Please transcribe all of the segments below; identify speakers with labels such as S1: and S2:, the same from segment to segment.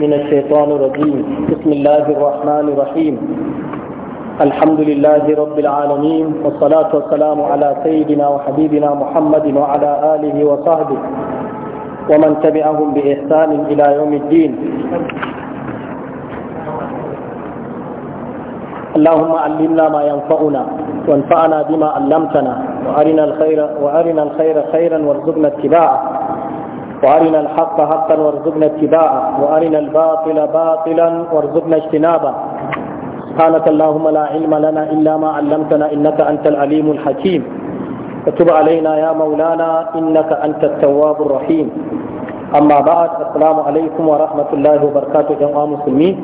S1: من الشيطان الرجيم بسم الله الرحمن الرحيم الحمد لله رب العالمين والصلاة والسلام على سيدنا وحبيبنا محمد وعلى آله وصحبه ومن تبعهم بإحسان إلى يوم الدين اللهم علمنا ما ينفعنا وانفعنا بما علمتنا وأرنا الخير وأرنا الخير خيرا وارزقنا اتباعه وارنا الحق حقا وارزقنا اتباعه وارنا الباطل باطلا وارزقنا اجتنابه سبحانك اللهم لا علم لنا الا ما علمتنا انك انت العليم الحكيم وتب علينا يا مولانا انك انت التواب الرحيم اما بعد السلام عليكم ورحمه الله وبركاته جماعه مسلمين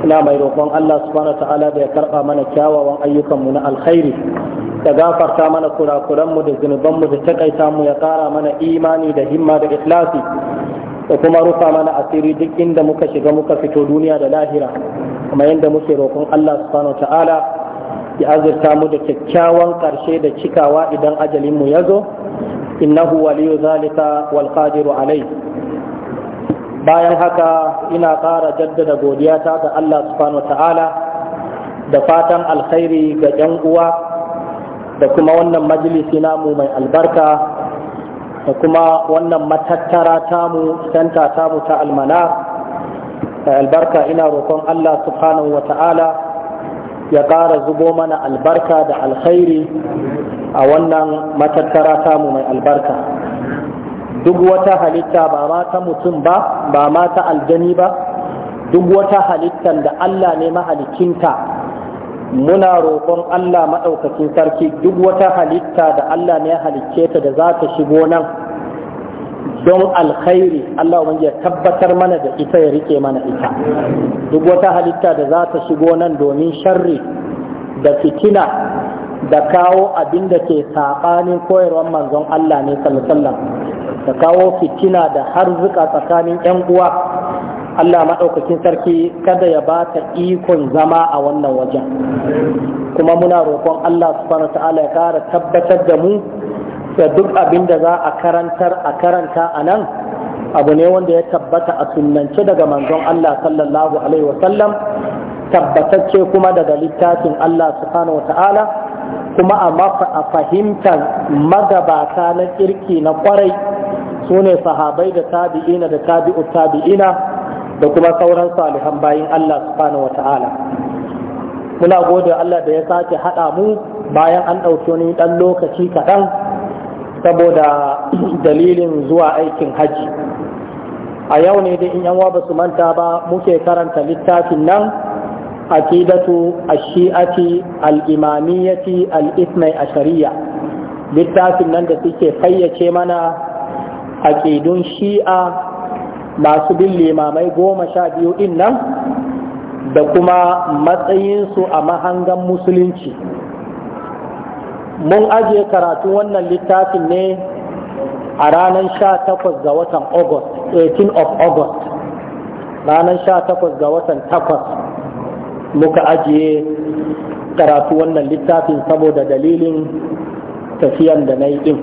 S1: ina mai roƙon Allah subhanahu wa ta'ala da ya karɓa mana kyawawan ayyukanmu na alkhairi da gafarta mana kurakuranmu da zunubanmu da takaita mu ya kara mana imani da himma da ikhlasi da kuma rufa mana asiri duk inda muka shiga muka fito duniya da lahira kuma yadda muke roƙon Allah subhanahu ta'ala ya azurta mu da kyakkyawan ƙarshe da cikawa idan ajalin mu ya zo innahu waliyu zalika wal qadiru alai bayan haka ina ƙara jaddada godiyata ga Allah subhanahu ta'ala da fatan alkhairi ga 'yan uwa da kuma wannan majalisi namu mai albarka da kuma wannan matattara tamu santa tamu ta almana mai albarka ina roƙon Allah subhanahu wa ta'ala ya ƙara zubo mana albarka da alkhairi a wannan matattara tamu mai albarka duk wata halitta ba ma ta mutum ba ba ma ta aljani ba duk wata halittar da Allah ne mahalicinta muna roƙon Allah maɗaukakin sarki duk wata halitta da Allah ne ya halicce ta da za ta shigo nan don alkhairi Allah wani ya tabbatar mana da ita ya rike mana ita duk wata halitta da za ta shigo nan domin sharri da fitina da kawo abin da ke saɓanin koyarwar manzon Allah ne sallallahu da kawo fitina da harzuka tsakanin 'yan uwa Allah maɗaukakin sarki kada ya ba ta ikon zama a wannan wajen kuma muna roƙon Allah subhanahu wa ta'ala ya ƙara tabbatar da mu da duk abin da za a karantar a karanta a nan abu ne wanda ya tabbata a sunance daga manzon Allah sallallahu alaihi wasallam tabbatacce kuma daga littafin Allah subhanahu wa ta'ala kuma a fahimtar magabata na kirki na kwarai su ne sahabai da tabi'ina da tabi'u tabi'ina da kuma sauran salihan bayin Allah subhanahu wata'ala muna gode Allah da ya sake haɗa mu bayan an ɗauki wani ɗan lokaci kaɗan saboda dalilin zuwa aikin hajji a yau ne dai in yanwa ba su manta ba muke karanta littafin nan akidatu ashi'ati al-imamiyyati al a shari'a, littafin nan da suke fayyace mana
S2: aƙidun
S1: shi'a masu bin limamai goma sha biyu din nan da kuma matsayinsu a mahangan musulunci mun ajiye karatu wannan littafin ne a ranar 18 ga watan august 18 of august ranar 18 ga watan 8 muka ajiye karatu wannan littafin saboda dalilin tafiyan da na yi din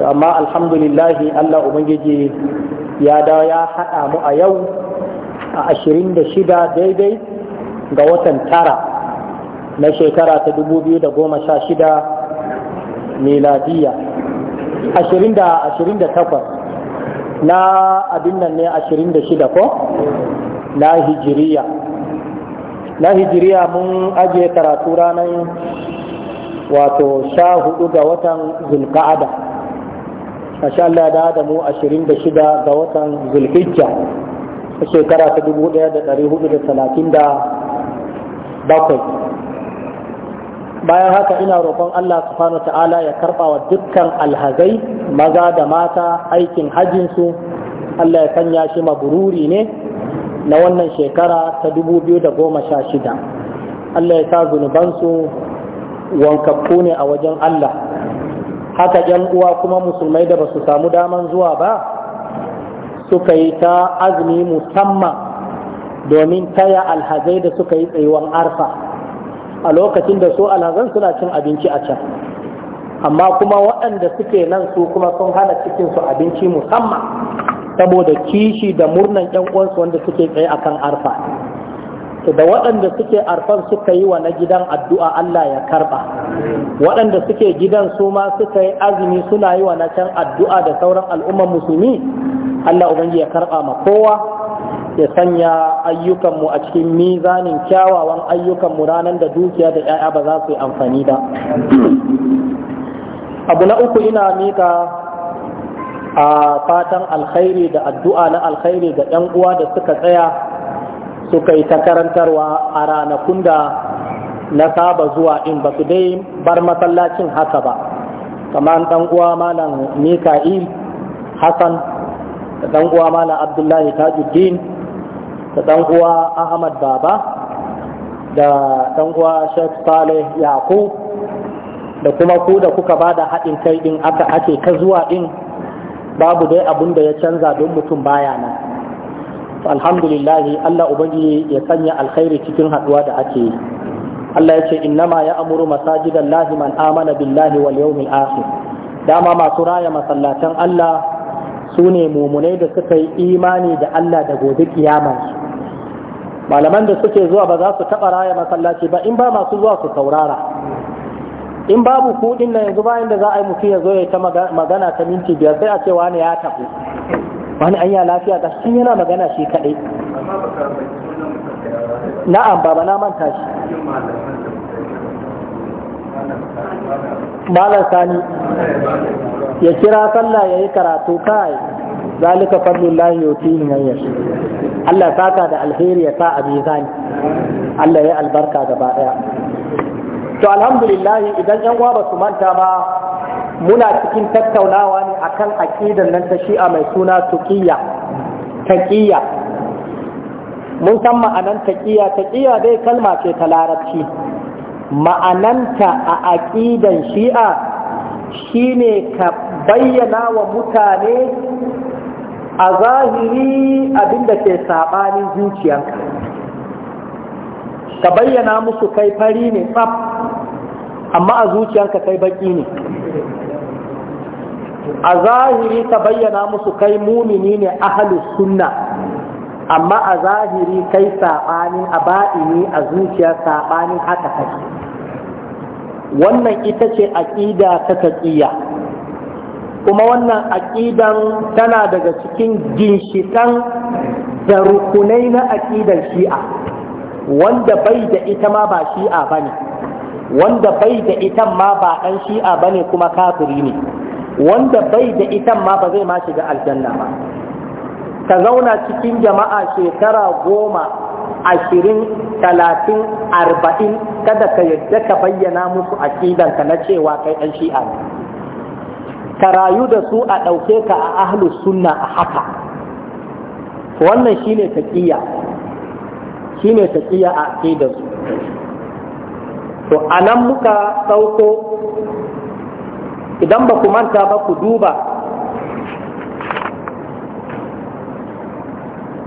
S1: amma alhamdulillahi allah ubangiji ya dawo ya haɗa mu a yau a ashirin da shida daidai ga watan tara na shekara ta dubu biyu da goma sha shida miladiya ashirin da ashirin da takwas na abin nan ne ashirin da shida ko na hijiriya na hijiriya mun ajiye karatu ranar wato sha hudu ga watan zulka'ada masha Allah da da mu 26 ga watan Zulhijja a shekara ta 1437 bayan haka ina roƙon Allah subhanahu ta'ala ya karɓa wa dukkan alhazai maza da mata aikin hajjinsu Allah ya sanya shi mabururi ne na wannan shekara ta 2016 Allah ya sa zunubansu wankakku ne a wajen Allah haka yan uwa kuma musulmai da ba su samu daman zuwa ba suka yi ta azumi musamman domin taya alhazai da suka yi tsayuwan arfa a lokacin da su alhazan suna cin abinci a can amma kuma waɗanda suke nan su kuma sun hana su abinci musamman saboda kishi da murnan yan uwansu wanda suke tsaye akan arfa da waɗanda suke arfan suka yi wa na gidan addu'a Allah ya karɓa waɗanda suke gidan su ma suka yi azumi suna yi wa na can addu'a da sauran al'umman musulmi Allah ubangi ya karɓa ma kowa ya sanya ayyukanmu a cikin mizanin kyawawan ayyukanmu ranar da dukiya da 'ya'ya ba za su yi amfani ba abu na uku ina mika a fatan alkhairi da addu'a na alkhairi ga 'yan uwa da suka tsaya suka yi ta karantarwa a ranakun da na saba zuwa in ba su dai bar masallacin haka ba kamar dan uwa malam mika'il hassan da dan uwa malam abdullahi tajuddin da dan uwa ahmad baba da dan uwa sheikh saleh yaqub da kuma ku da kuka ba da haɗin kai ɗin aka ake ka zuwa ɗin babu dai abin da ya canza don mutum baya nan alhamdulillah Allah ubangiji ya sanya alkhairi cikin haduwa da ake yi Allah ya ce ma ya amuru masajidan lahi man amana billahi wal yawmil akhir dama masu raya masallatan Allah su ne mumunai da suka yi imani da Allah da gobe kiyama malaman da suke zuwa ba za su taɓa raya masallaci ba in ba masu zuwa su saurara in babu kuɗin na yanzu bayan da za a yi mutum ya zo ya ta magana ta minti biyar sai a ce wani ya tafi wani an ya lafiya ga sun yana magana shi kaɗai na'am baba na manta shi malam sani ya kira sallah ya yi karatu kai zalika fadlullahi yutihi man hanyar, Allah saka da alheri ya sa a mizani Allah ya albarka gaba daya to alhamdulillah idan yan uwa ba su manta ba muna cikin tattaunawa ne akan aƙidan nan ta shi'a mai suna tuƙiyya taƙiyya mun san ma'anan taƙiyya taƙiyya dai kalma ce ta larabci ma'ananta a aƙidan shi'a shine ka bayyana wa mutane a zahiri abinda ke saɓanin zuciyarka. ka bayyana musu kai fari ne tsaf amma a zuciyarka kai baƙi ne a zahiri ka bayyana musu kai mumini ne ahalus sunna amma a zahiri kai saɓani, a ba'ini a zuciya saɓani haka kake wannan ita ce aƙida ta taƙiyya kuma wannan aƙidan tana daga cikin ginshiƙan da rukunai na aƙidar shi'a wanda bai da ita ma ba shi'a ba wanda bai da ita ma ba ɗan shi'a bane kuma kafiri ne wanda bai da itan ma ba zai ma shiga aljanna ba ka zauna cikin jama'a shekara goma ashirin talatin arba'in kada ka yadda ka bayyana musu aƙidanka na cewa kai ɗan shi'a ne ka rayu da su a ɗauke ka a ahlus sunna a haka wannan shi ne shine Shi ne taƙiyya a aƙidansu to anan muka ɗauko idan ba ku manta ba ku duba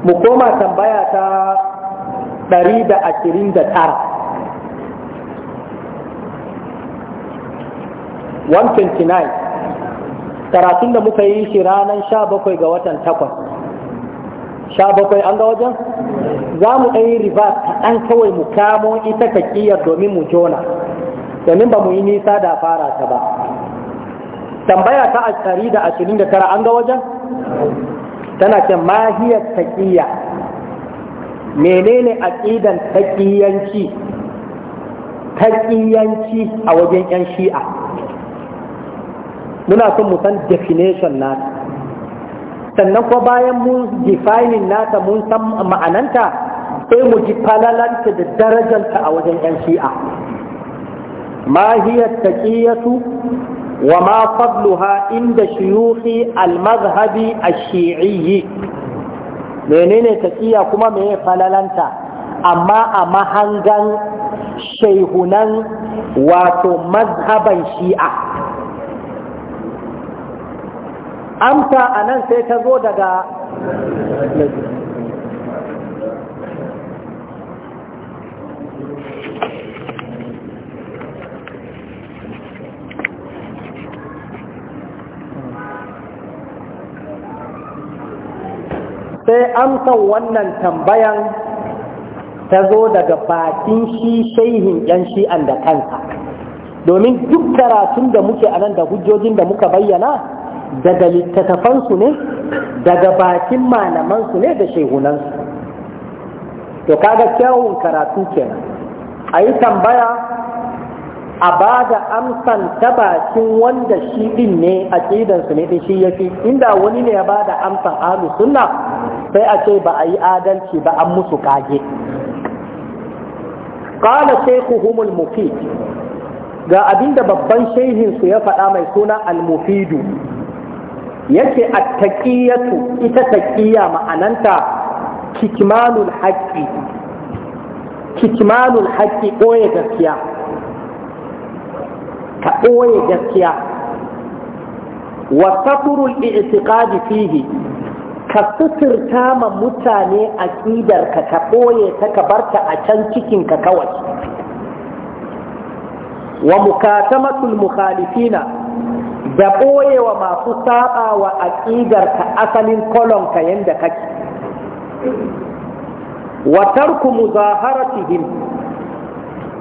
S1: mu koma tambaya ta 129 129 karatun da muka yi shi ranar 17 ga watan 8 17 an ga wajen za mu ɗan yi riba kaɗan kawai mu kamo ita ta ƙiyar domin mu jona domin ba mu yi nisa da fara ta ba tambaya ta tara an ga wajen tana ce mahiyar taƙiyya menene aƙidan taƙiyanci taƙiyanci a wajen 'yan shi'a muna son mu san definition nata sannan kuma bayan mun defining nata mun san ma'ananta sai mu ji falalanta da darajanta a wajen 'yan shi'a mahiyar taƙiyyatu وما فضلها عند شيوخ المذهب الشيعي menene taqiya kuma me falalanta amma a mahangan shaihunan wato mazhaban shi'a amsa anan sai ta zo daga sai amsan wannan tambayan ta zo daga bakin shi shehin yan shi'an da kansa domin duk karatun da muke a nan da hujjojin da muka bayyana daga littattafansu ne daga bakin malamansu ne da shehunansu to kaga kyawun karatu kenan a yi tambaya a ba da amsan ta bakin wanda shi din ne a ƙidansu ne shi ya inda wani ne ya ba da amsan ahlus sunna sai a ce ba a yi adalci ba an musu kage qala shaykhuhum Humul mufid ga abinda babban shehin su ya faɗa mai suna al-mufidu yake a taqiyatu ita taƙiya ma'ananta kitmanul haƙƙi kitmanul ɓoye gaskiya ka ɓoye gaskiya wa i'tiqadi fihi ka suturta ma mutane a ka ka ɓoye ta ka barta a can cikinka kawai wa mukatamatul mukhalifina da ɓoye wa masu saba wa aƙidar ka asalin kolon ka yanda kake wa tarku muzaharatihim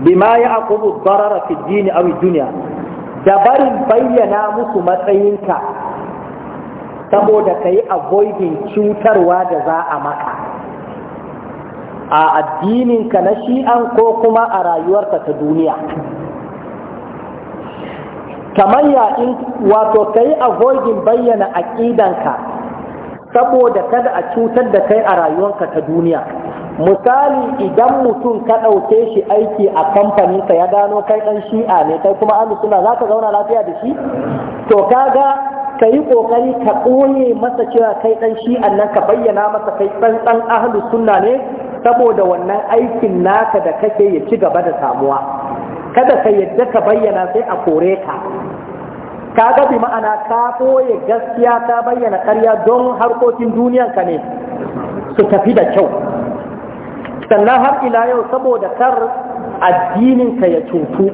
S1: bima ya'qubu darara fi ad-din aw da barin bayyana musu matsayinka saboda ka yi avoiding cutarwa da za a maka a addininka na shi'an ko kuma a rayuwarka ta duniya kamar ya in wato ka yi avoiding bayyana aƙidanka saboda kada a cutar da kai a rayuwarka ta duniya misali idan mutum ka ɗauke shi aiki a kamfaninka ya gano kai ɗan shi'a ne kai kuma alu suna za ka zauna lafiya da shi to kaga ka yi ƙoƙari ka ɓoye masa cewa kai ɗan shi nan ka bayyana masa kai ɗan ahalu sunna ne saboda wannan aikin naka da kake ya ci gaba da samuwa kada ka yadda ka bayyana sai a kore ka ka ga bi ma'ana ka ɓoye gaskiya ka bayyana ƙarya don harkokin ka ne su tafi da kyau sannan har ila yau saboda kar addininka ya cutu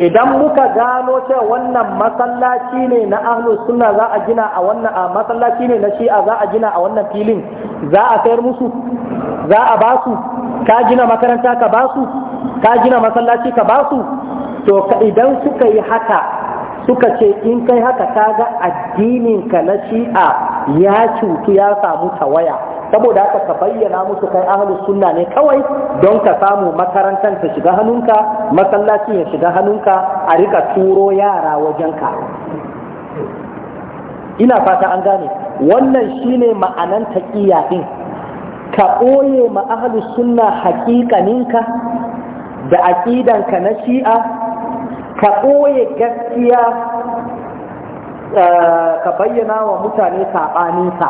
S1: idan muka gano cewa wannan masallaci ne na ahlus sunna za a gina a wannan a masallaci ne na shi'a za a gina a wannan filin za a sayar musu za a ba su ka gina makaranta ka ba su ka gina masallaci ka ba su to idan suka yi haka suka ce in kai haka ga addininka na shi'a ya cutu ya samu tawaya saboda haka ka bayyana musu kai ahlus sunna ne kawai don ka samu makarantar ta shiga hannunka masallacin ya shiga hannunka a rika turo yara wajenka ina fata an gane wannan shine ma'anan taƙiya din ka ɓoye ma ahlus sunna haƙiƙaninka da aƙidanka na shi'a ka ɓoye gaskiya eh, ka bayyana wa mutane saɓaninsa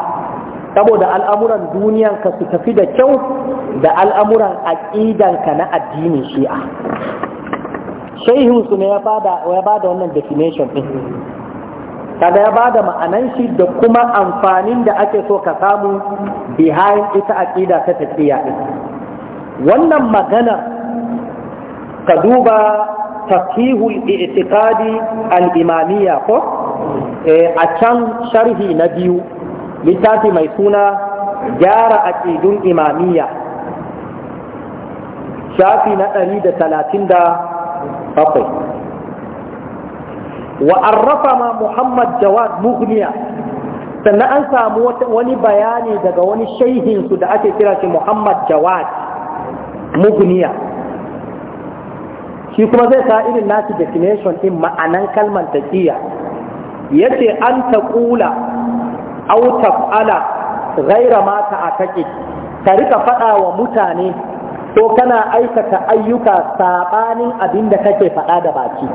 S1: saboda al'amuran ka su tafi da kyau da al'amuran aƙidanka na addinin shi'a shaihinsu ne ya ba da wannan definition ɗin kada ya ba da ma'anan shi da kuma amfanin da ake so ka samu behind ita aƙida ta tafiya ɗin wannan maganar ka duba tafihul itikadi al-imamiyya ko eh, a can sharhi na biyu littafi mai suna gyara aqidun imamiyya shafi na 137 wa arrafa ma muhammad jawad mughniya sannan an samu wani bayani daga wani shaihinsu da ake kira shi muhammad jawad mughniya shi kuma zai sa irin nasu definition din ma'anan kalmar taƙiyya yace an taqula aw taf'ala ghaira ma ta'ataqi ka rika faɗawa wa mutane ko kana aikata ayyuka sabanin abin da kake faɗa da baki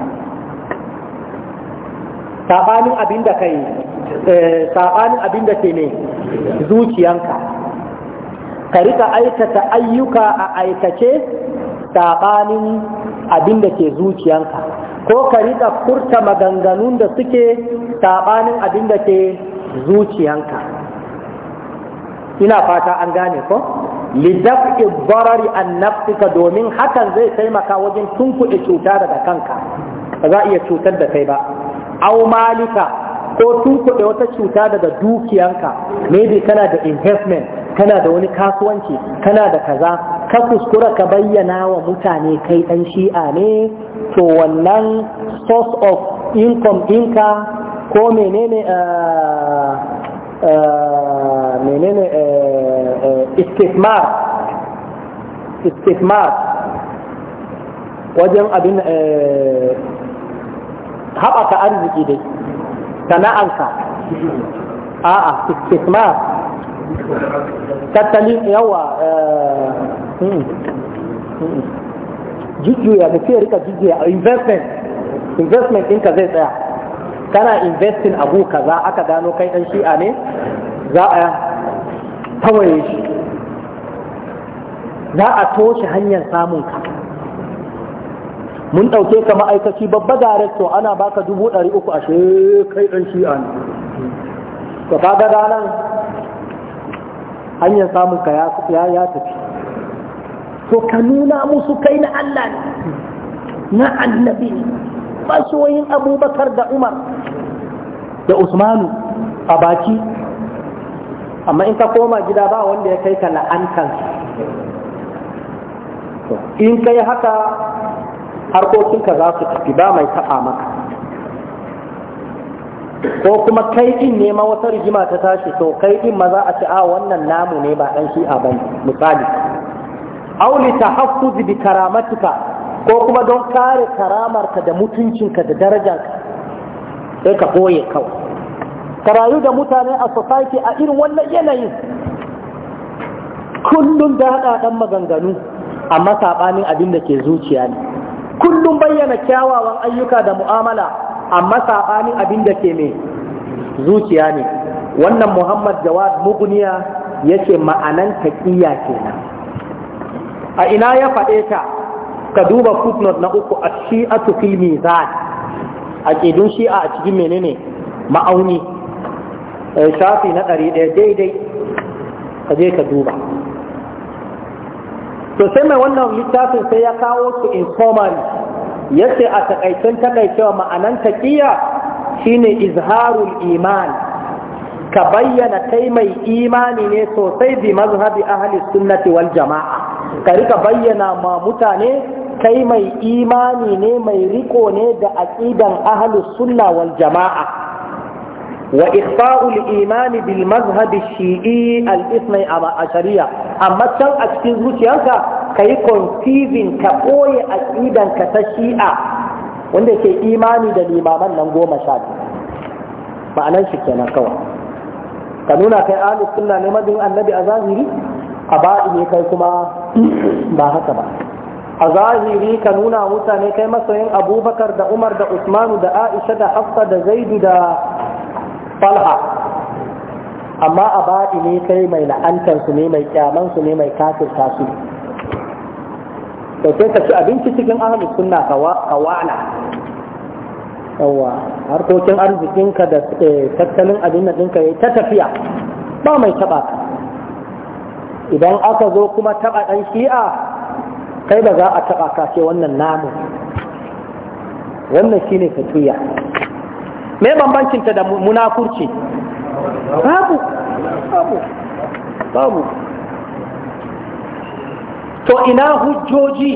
S1: sabanin eh, sabanin ke ne zuciyanka ka rika aikata ayyuka a aikace saɓanin abin da ke zuciyanka ko ka riƙa furta maganganun da suke saɓanin abin da ke zuciyanka ina fata an gane ko lidafi barari an nafsika domin hakan zai taimaka wajen tunkuɗe cuta daga kanka ba za a iya cutar da kai ba au malika ko tunkuɗe wata cuta daga dukiyanka maybe kana da investment kana da wani kasuwanci kana da kaza ka kuskura ka bayyana wa mutane kai dan shi'a ne to wannan source of income ɗinka ko menene eh, eh, menene eh, istismar wajen abin haɓaka arziki dai sana'anka a'a istismar tattalin yawa jujjuya da ke rika jujjuya investment investment ɗinka zai tsaya kana investing abu kaza aka gano kai ɗan shi'a ne za a tawaye shi za a toshe hanyar samun ka mun ɗauke ka ma'aikaci babba darekto ana baka dubu ɗari uku a kai ɗan shi'a ne ka ga ranar hanyar samun ka ya tafi to ka nuna musu kai na Allah na annabi ne abubakar da umar da usmanu a baki amma in ka koma gida ba wanda ya kai ka la'antar in kai haka harkokinka za su tafi ba mai taɓa maka
S2: ko kuma kai din
S1: ne ma wata rigima ta tashi to kai din ma za a ce a wannan namu ne ba dan shi'a bane misali aw li tahaffuz bi karamatika ko kuma don kare karamarka da mutuncinka da darajarka sai ka boye kawai ka rayu da mutane a society a irin wannan yanayin kullum da dan maganganu amma saɓanin abin da ke zuciya ne kullum bayyana kyawawan ayyuka da mu'amala amma saɓani abin da ke mai zuciya ne wannan muhammad jawad muguniya ya ce ma'anan taƙiyya kenan a ina ya faɗe ta ka duba footnote na uku a shi'atu fil mizan a ƙidun shi'a a cikin menene ma'auni eh, shafi na ɗari ɗaya daidai ka je ka duba to sai mai wannan littafin sai ya kawo su in yace a takaicen takaicewa ma'anan taqiya shine izharul iman ka bayyana kai mai imani ne sosai bi mazhabi ahli sunnati wal jama'a ka rika bayyana ma mutane kai mai imani ne mai riko ne da aqidan ahli sunna wal jama'a وإخفاء الإيمان بالمذهب الشيعي الاثنى عشرية أما كان أكتن زوجيانك كي كونسيفين كأوي أكيدا كتشيئة wanda ke imani da limaman nan goma sha biyu ma'anan shi kenan kawai ka nuna kai ahli sunna ne madin annabi a zahiri a ba'i ne kai kuma ba haka ba a zahiri ka nuna mutane kai masoyin abubakar da umar da usmanu da aisha da hafsa da zaidu da falha amma a baɗi ne kai mai la'antarsu ne mai kyamansu ne mai kafirta su sai ka ci abinci cikin ahalin suna kawana. harkokin arzikinka da eh, tattalin abin da ɗinka ya ta tafiya ba mai taɓa idan aka zo kuma taɓa ɗan shi'a kai ba za a taɓa ka wannan namu wannan shi ne fatuya me bambancin ta da munafurci babu babu babu to ina hujjoji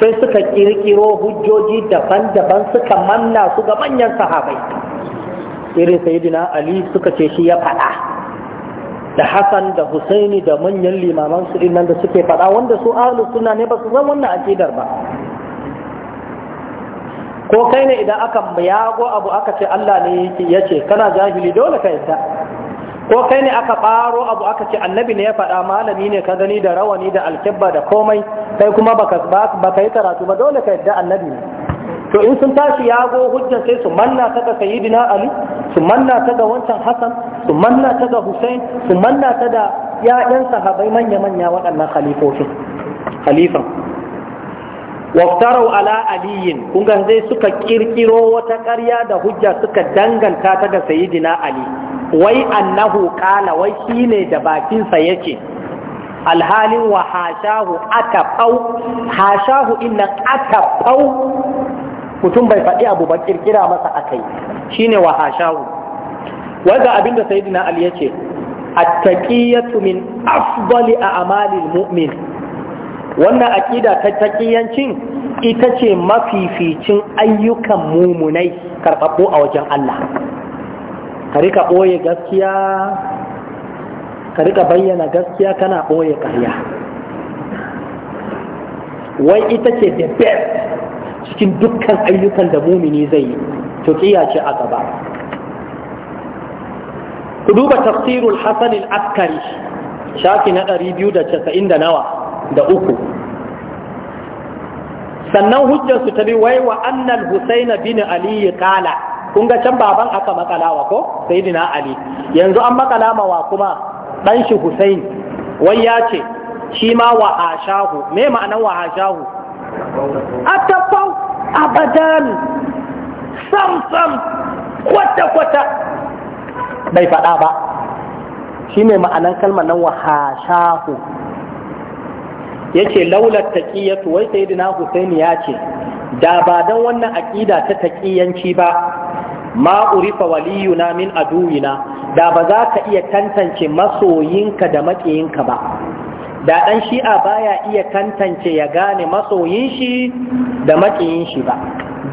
S1: sai suka kirkiro hujjoji daban-daban suka manna su ga manyan sahabai irin sayidina ali suka ce shi ya faɗa da hassan da husaini da manyan limaman su nan da suke faɗa wanda su ahlu suna ne ba su zama wannan akidar ba ko kai ne idan aka yago abu aka ce Allah ne ya ce kana jahili dole ka yadda ko kai ne aka baro abu aka ce annabi ne ya faɗa malami ne ka gani da rawani da alkibba da komai kai kuma baka yi karatu ba dole ka yadda annabi ne to in sun tashi yago hujjar sai su manna ta ga sayyidina ali su manna ta ga wancan hasan su manna ta ga husain su manna ta da ya'yan sahabai manya-manya waɗannan khalifofin khalifan waftarau ala aliyin kun ga suka kirkiro wata ƙarya da hujja suka danganta ta ga sayyidina ali wai annahu qala wai shine da bakinsa yace alhalin wa hashahu aka fau hashahu innan aka fau mutum bai faɗi abu ba kirkira masa akai shine wa hashahu ga abinda sayyidina ali yace at-taqiyatu min afdali a'malil mu'min wannan aƙida ta taƙiyancin ita ce mafificin ayyukan mumunai karɓaɓɓo a wajen Allah ka ɓoye gaskiya ka rika bayyana gaskiya kana ɓoye ƙarya wai ita ce da best cikin dukkan ayyukan da mumini zai yi to ce a gaba ku duba tafsirul hasanin askari shafi na casa'in da nawa da uku sannan hujjar su ta bi wai wa annal husaina bin ali kala kun ga can baban aka makalawa ko sayyidina ali yanzu an makalama wa kuma dan shi husain wai ya ce shi ma wa hashahu me ma'anar wa hashahu atafau abadan sam sam kwata kwata bai faɗa ba shi ne ma'anar kalmar nan wa hashahu yace laulat taƙiyatu wai dina husaini ya ce da ba don wannan aƙida ta taƙiyanci ba ma urifa waliyuna min aduwina da ba za ka iya tantance masoyinka da makiyinka ba da ɗan shi'a baya iya tantance ya gane masoyin shi da makiyin shi ba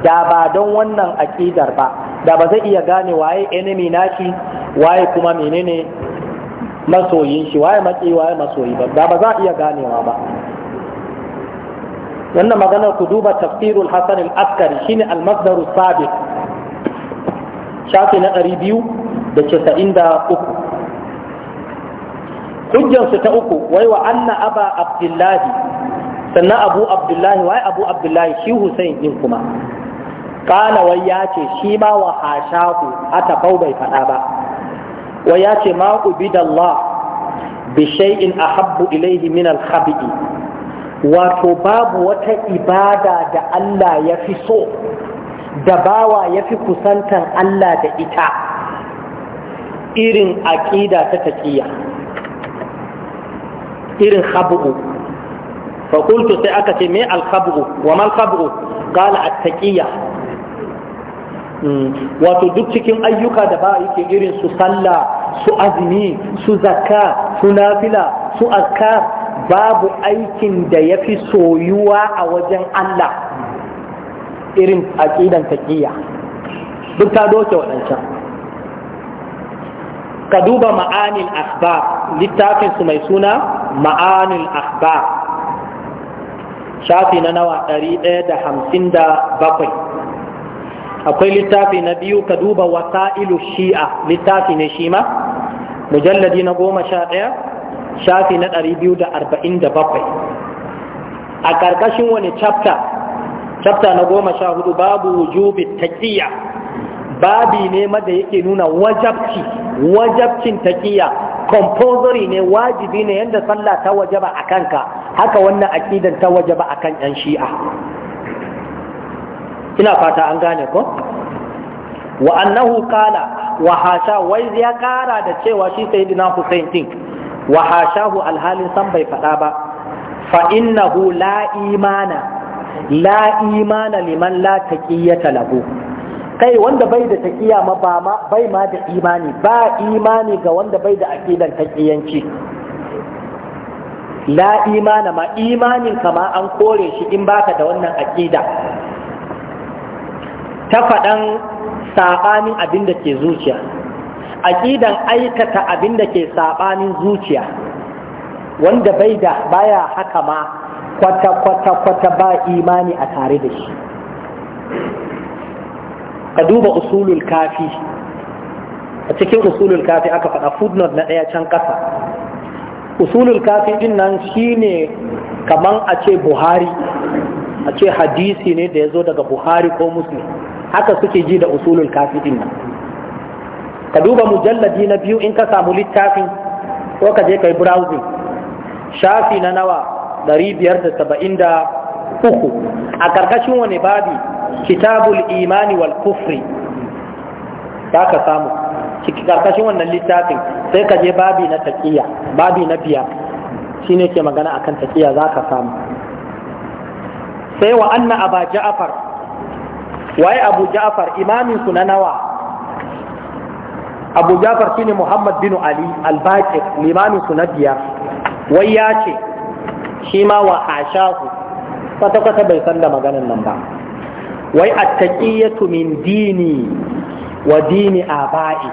S1: da ba don wannan aƙidar ba da ba zai iya gane waye enemy shi, waye kuma menene masoyin shi waye matsi waye masoyi ba da ba za a iya ganewa ba wannan maganar ku duba tafsirul hasan al-askari shine al-masdar sabiq shafi na da 293 hujjar su ta uku wai wa anna aba abdullahi sannan abu abdullahi wai abu abdullahi shi husain din kuma kana wai ya ce shi ma wa hashahu ata bai faɗa ba wa ya ce ma ubidallah bi shay'in ahabbu ilayhi min al wato babu wata ibada da Allah ya fi so da bawa ya fi kusantan Allah da ita irin aƙida ta taƙiyya irin habu faƙultu sai aka ce mai alhabu wa malhabu gala a taƙiyya wato duk cikin ayyuka da ba yake irin su sallah su azumi su zakka su nafila su azkar babu aikin da ya fi soyuwa a wajen Allah irin aƙidan taƙiyya duk ta doke waɗancan ka duba ma'anin akhbar littafinsu mai suna ma'anin akhbar shafi na nawa ɗari ɗaya da da bakwai. akwai littafi na biyu ka duba wasa'ilu shi'a littafi ne shi ma mujalladi na goma sha ɗaya shafi na ɗari biyu da arba'in da bakwai a ƙarƙashin wani chapter chapter na goma sha hudu babu wujubi taƙiyya babi ne da yake nuna wajabci wajabcin taƙiyya compulsory ne wajibi ne yadda sallah ta wajaba a kanka haka wannan aƙidan ta wajaba a kan 'yan shi'a Kina fata an gane ko wa annahu qala wa hasha wai ya kara da cewa shi sayyidina Hussein din wa hashahu alhalin san bai fada ba fa innahu la imana la imana liman la taqiyata lahu kai wanda bai da taqiya ma ba ma bai ma da imani ba imani ga wanda bai da aqidan taqiyanci la imana ma imanin kama an kore shi in baka da wannan aqida ta faɗan saɓanin abin da ke zuciya aƙidan aikata abin da ke saɓanin zuciya wanda bai da baya haka ma kwata-kwata-kwata ba imani a tare da shi ka duba usulul kafi a cikin usulul kafi aka faɗa footnote na ɗaya can ƙasa usulul kafi ɗin nan shine kamar a ce buhari a ce hadisi ne da ya zo daga buhari ko muslim haka suke ji da usulul kafi din nan ka duba mujalladi na biyu in ka samu littafin ko ka je kai browsing shafi na nawa ɗari biyar da saba'in da uku a ƙarƙashin wani babi kitabul imani wal kufri za ka samu ciki ƙarƙashin wannan littafin sai ka je babi na taƙiya babi na biya shi ne ke magana akan taƙiya za ka samu sai wa anna aba ja'afar waye abu ja'far imamin su na nawa abu ja'far shine muhammad bin ali al-baqir limamin su na biyar wai ya ce shi ma wa hashahu kwata kwata bai san da maganar nan ba wai attaqiyatu min dini wa dini aba'i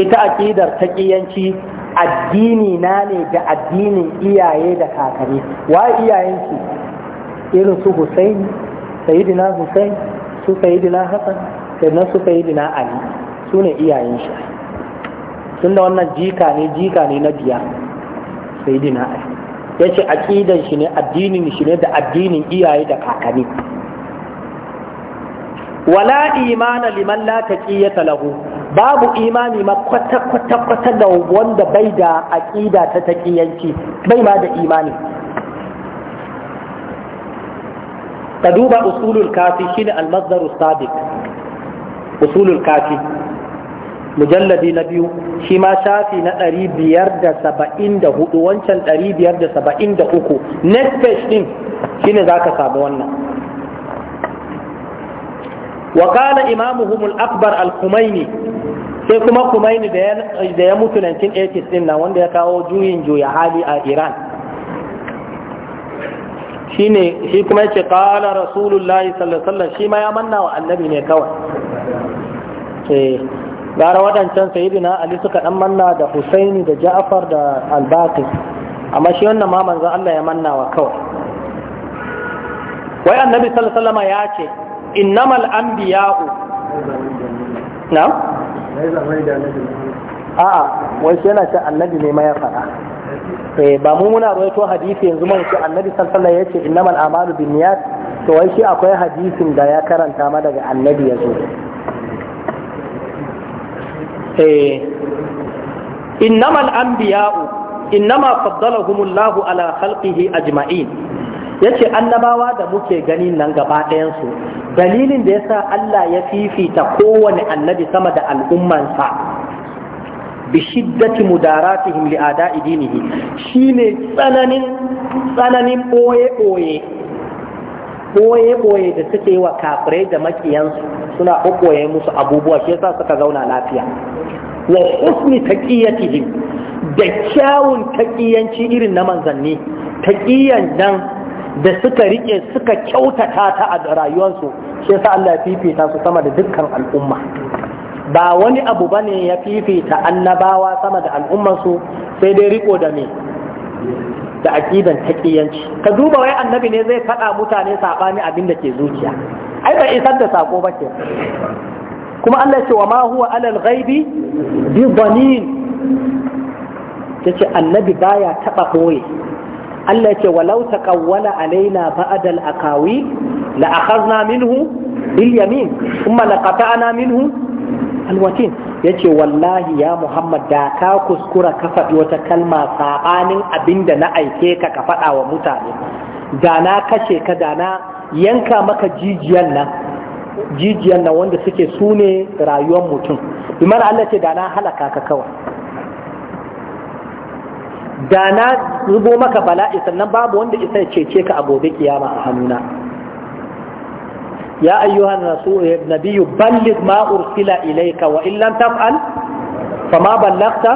S1: ita aqidar taqiyanci addini na ne da addinin iyaye da kakanni wa iyayenki irin su Husaini sayyidina Husaini su sayidina hasan sannan su sayidina ali su ne iyayen shi tun da wannan jika ne jika ne na biya sayidina ali ya ce aƙidan shi ne addinin shi ne da addinin iyaye da kakanni wala imana liman la taqiyata lahu babu imani ma kwata kwata kwata da wanda bai da aqida ta taqiyanci bai ma da imani ka duba usulul kafi shine al-mazdar sabiq usulul kafi mujalladi na biyu shi ma shafi na ɗari biyar da saba'in da hudu wancan ɗari biyar da saba'in da uku next page ɗin shi ne za ka samu wannan wa kana imamuhum al-akbar al-kumaini sai kuma kumaini da ya mutu 1980 ɗin na wanda ya kawo juyin juya hali a iran
S2: Shi ne shi kuma yace
S1: qala rasulullahi sallallahu alaihi wasallam shi ma ya manna wa annabi ne kawai eh, Gara waɗancan sayi na ali suka ɗan manna da husaini da ja'far da al amma shi wannan ma manzo Allah ya manna wa kawai wai annabi sallallahu alaihi wasallam ya ce innamal anbiya'u na a'a wai shi yana ce annabi ne ma ya fara Eh, ba mu muna rawaito hadisi yanzu mun ce annabi sallallahu alaihi wasallam yace innamal a'malu binniyat to wai shi akwai hadisin da ya karanta ma daga annabi yazo eh innamal anbiya'u innama faddalahumullahu ala khalqihi ajma'in yace annabawa da muke gani nan gaba ɗayan su dalilin da yasa Allah ya fifita kowane annabi sama da al'ummansa bi shiddati mudaratihim li ada'i dinihi shine tsananin tsananin boye boye boye boye da suke yi wa kafirai da makiyansu suna kokoye musu abubuwa shi yasa suka zauna lafiya wa husni taqiyatihim da kyawun taqiyanci irin na manzanni taqiyan dan da suka rike suka kyautata ta a rayuwarsu shi yasa Allah ya fifita su sama da dukkan al'umma ba wani abu bane ya fifita annabawa sama da al'ummarsu sai dai riko da me da aqidan taqiyanci ka duba wai annabi ne zai faɗa mutane sabani abin da ke zuciya ai ba isar da sako ba ke kuma Allah ce wa ma huwa alal ghaibi bi dhanin yace annabi baya taba koye Allah ce walau taqawwala alaina ba'd al aqawi la akhadna minhu bil yamin thumma laqata'na minhu alwatin yace wallahi ya muhammad da ka kuskura ka faɗi wata kalma saɓanin abinda na aike ka ka faɗa wa mutane da na kashe ka da na yanka maka jijiyan nan jijiyan nan wanda suke sune rayuwar mutum imar Allah ce da na halaka ka kawai da na zubo maka bala'i sannan babu wanda isa ya cece ka a gobe kiyama a hannuna ya ayyuhan rasul nabiyyu balligh ma ursila ilayka wa in lam taf'al fama ballagta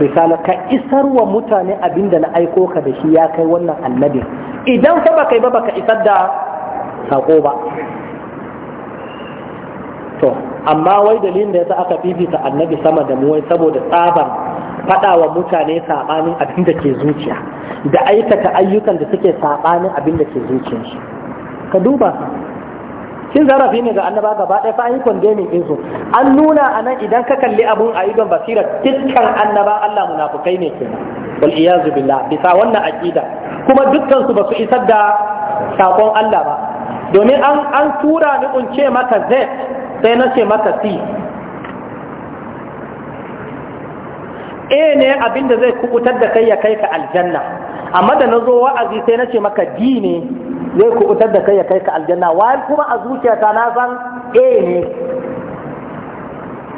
S1: risala ka isar wa mutane abinda na aiko ka da shi ya kai wannan annabi idan fa baka yi ba baka isar da sako ba to amma wai dalilin da yasa aka fifita annabi sama da mu wai saboda tsabar faɗawa wa mutane saɓanin abin da ke zuciya da aikata ayyukan da suke saɓanin abin da ke zuciyarsu ka duba kin zarafi ne ga annaba gaba ɗaya fa an yi ɗinsu an nuna a nan idan ka kalli abun a idon basira dukkan annaba Allah munafukai ne kenan wal iyazu billah bisa wannan aqida kuma dukkan su basu isar da sakon Allah ba domin an an tura ni ce maka Z sai na ce maka C A ne abinda zai kubutar da kai ya kai ka aljanna amma da na zo wa'azi sai na ce maka D ne zai kubutar da kai ya kai ka aljanna wayan kuma a zuciyata na san A. Eh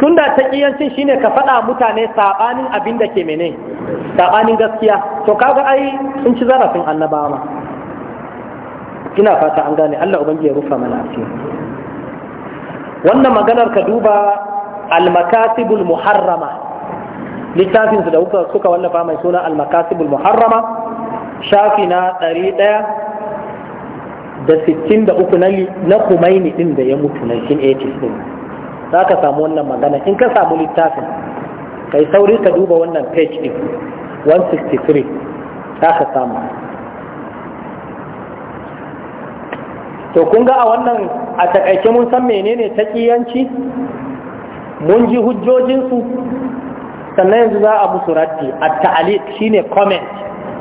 S1: ne da ta shi shine ka faɗa mutane saɓanin abin da ke mene saɓanin gaskiya to kaga ai sun ci zarafin annabawa ina fata an gane Allah ubangi ya rufa mana asiri wannan maganar ka duba al-makasibul muharrama littafin su da suka wallafa mai suna al-makasibul muharrama shafi na ɗari ɗaya da 63 na kumaini din da ya mutu 1980 din za ka samu wannan magana in ka samu littafin kai sauri ka duba wannan page din 163 za ka samu to kun ga a wannan a takaice mun san menene taƙiyanci mun ji hujjojinsu sannan yanzu za a musu ratti a shi shine comment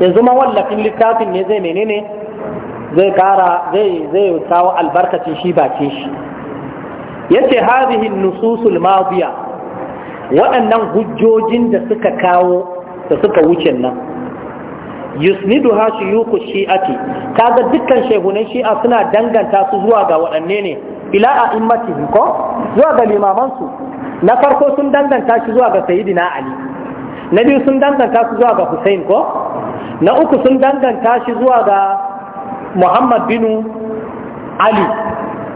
S1: yanzu ma wallafin littafin ne zai menene zai kara zai zai kawo albarkacin shi bakin shi yace hadhihi nususul madiya waɗannan hujjojin da suka kawo da suka wuce nan Yusnidu yusniduha shuyuku shi'ati kaga dukkan shehunan shi'a suna danganta su zuwa ga waɗanne ne ila immati ko zuwa ga limaman su na farko sun danganta shi zuwa ga sayyidina ali na biyu sun danganta shi zuwa ga husain ko na uku sun danganta shi zuwa ga muhammad bin ali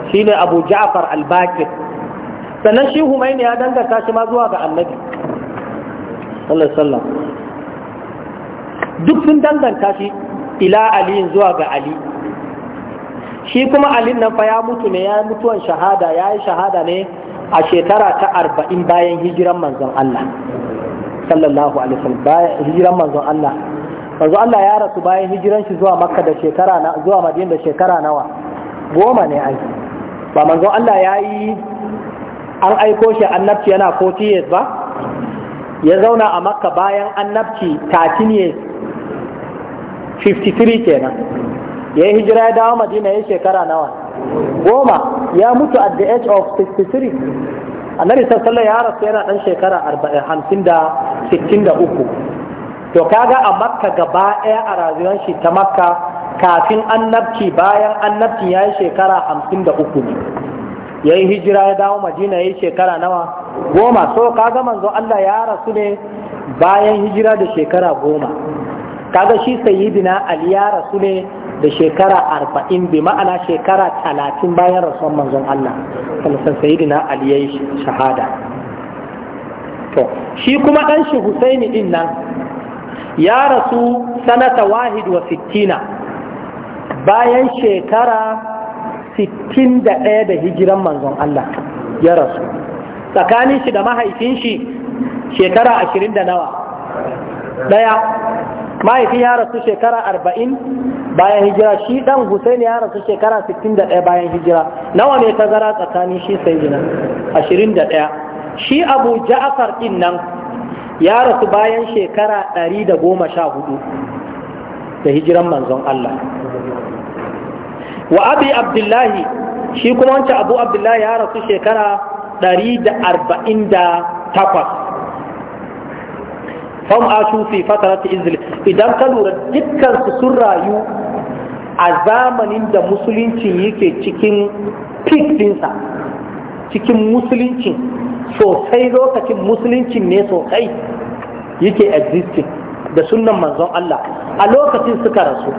S1: shine abu ja'far al-bakir sannan shi humaini ya dangata shi ma zuwa ga annabi sallallahu duk sun danganta shi ila Ali zuwa ga ali shi kuma Ali nan fa ya mutu ne ya mutuwan shahada ya yi shahada ne a shekara ta arba'in bayan hijiran manzon Allah sallallahu alaihi wasallam bayan hijiran manzon Allah manzo Allah ya rasu bayan hijiran shi zuwa makka da shekara na zuwa madina da shekara nawa goma ne ai ba manzo Allah ya yi an aiko shi annabci yana 40 years ba ya zauna a makka bayan annabci 13 years 53 kenan ya yi hijira ya dawo madina ya shekara nawa goma ya mutu at the age of 63 annabi sallallahu alaihi wasallam ya rasu yana dan shekara 40 da
S2: 63
S1: to kaga a makka gaba ɗaya a rayuwar shi ta makka kafin annabci bayan annabci ya yi shekara hamsin da uku ne ya yi hijira ya dawo madina ya yi shekara nawa goma so kaga manzo Allah ya rasu ne bayan hijira da shekara goma kaga shi sayyidina ali ya rasu ne da shekara arba'in bi ma'ana shekara talatin bayan rasuwar manzon Allah kamar sayyidina ali ya yi shahada to shi kuma ɗan shi husaini din nan ya rasu sanata wahid wa sittina bayan shekara sittin da ɗaya da hijiran manzon Allah ya rasu tsakanin shi da mahaifin shi shekara ashirin da nawa ɗaya mahaifin ya rasu shekara arba'in bayan hijira shi ɗan Hussein ya rasu shekara sittin da ɗaya bayan hijira nawa ne tazara tsakanin shi sai ashirin da ɗaya shi abu ja'afar ɗin nan ya rasu bayan shekara ɗari da goma sha hudu da hijiran manzon Allah wa abi abdullahi shi kuma wancan abu abdullahi ya rasu shekara ɗari da arba'in da takwas fam shufi fi ta izil idan ka lura dukkan su sun rayu a zamanin da musulunci yake cikin peak cikin musulunci sosai lokacin musulunci ne sosai yake existing da sunan manzon Allah a lokacin suka rasu